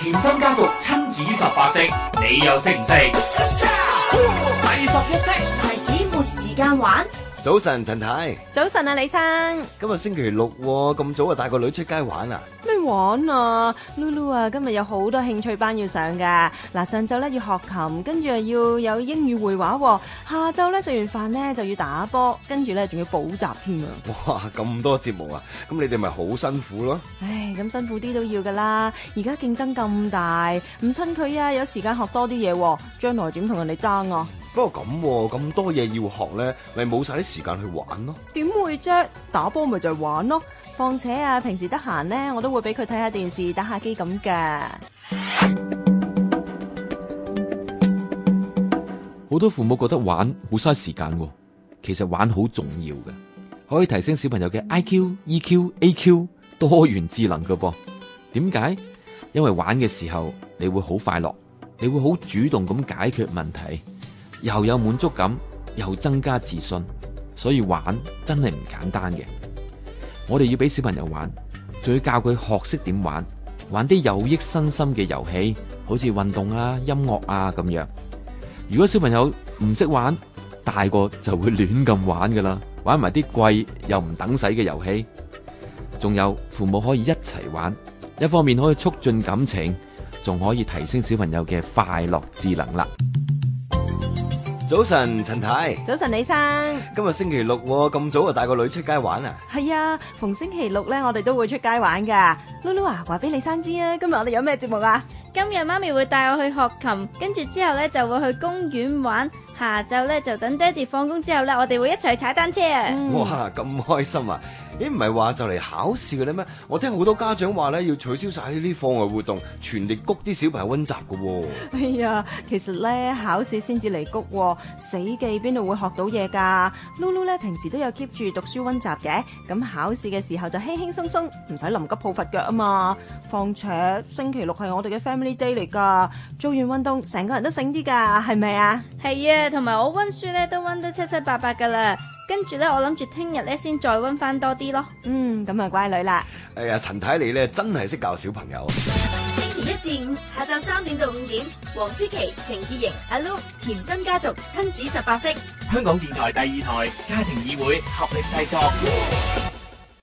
甜心家族親子十八式，你又識唔識？出招、啊！第十一式，孩子沒時間玩。早晨，陳太。早晨啊，李生。今日星期六，咁早啊，帶個女出街玩，玩啊？咩玩啊？Lulu 啊，今日有好多興趣班要上噶。嗱，上晝咧要學琴，跟住啊要有英語繪畫。下晝咧食完飯咧就要打波，跟住咧仲要補習添啊！哇，咁多節目啊！咁你哋咪好辛苦咯？唉，咁辛苦啲都要噶啦。而家競爭咁大，唔趁佢啊，有時間學多啲嘢，將來點同人哋爭啊？不過咁咁、啊、多嘢要學咧，咪冇晒啲時間去玩咯、啊？點會啫？打波咪就係玩咯、啊。況且啊，平時得閒咧，我都會俾佢睇下電視，打下機咁噶。好多父母覺得玩好嘥時間、啊，其實玩好重要嘅，可以提升小朋友嘅 I.Q.E.Q.A.Q.、E、多元智能嘅噃、啊。點解？因為玩嘅時候你會好快樂，你會好主動咁解決問題。又有滿足感，又增加自信，所以玩真係唔簡單嘅。我哋要俾小朋友玩，仲要教佢學識點玩，玩啲有益身心嘅遊戲，好似運動啊、音樂啊咁樣。如果小朋友唔識玩，大個就會亂咁玩噶啦，玩埋啲貴又唔等使嘅遊戲。仲有，父母可以一齊玩，一方面可以促進感情，仲可以提升小朋友嘅快樂智能啦。早晨，陳太。早晨，李生。今日星期六，咁早就帶個女出街玩啊？係啊，逢星期六咧，我哋都會出街玩噶。露露啊，話俾李生知啊，今日我哋有咩節目啊？今日媽咪會帶我去學琴，跟住之後咧就會去公園玩。下晝咧就等爹哋放工之後咧，我哋會一齊去踩單車啊。哇，咁開心啊！咦，唔係話就嚟考試嘅咧咩？我聽好多家長話咧，要取消晒呢啲課外活動，全力谷啲小朋友温習噶喎。哎呀，其實咧考試先至嚟谷喎，死記邊度會學到嘢噶？Lulu 咧平時都有 keep 住讀書温習嘅，咁考試嘅時候就輕輕鬆鬆，唔使臨急抱佛腳啊嘛。況且星期六係我哋嘅 Family Day 嚟噶，做完運動，成個人都醒啲噶，係咪啊？係啊，同埋我温書咧都温得七七八八噶啦。跟住咧，我諗住聽日咧先再溫翻多啲咯。嗯，咁啊乖女啦。哎呀，陳太你咧真係識教小朋友。星期一至五下晝三點到五點，黃舒淇、程潔瑩、阿 Lum、甜心家族親子十八式，香港電台第二台家庭議會合力製作。Yeah!